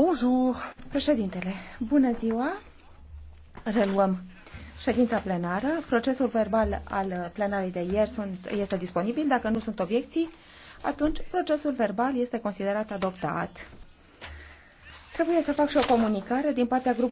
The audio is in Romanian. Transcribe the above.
Bonjour. Președintele, bună ziua. Reluăm ședința plenară. Procesul verbal al plenarii de ieri sunt, este disponibil. Dacă nu sunt obiecții, atunci procesul verbal este considerat adoptat. Trebuie să fac și o comunicare din partea grupului.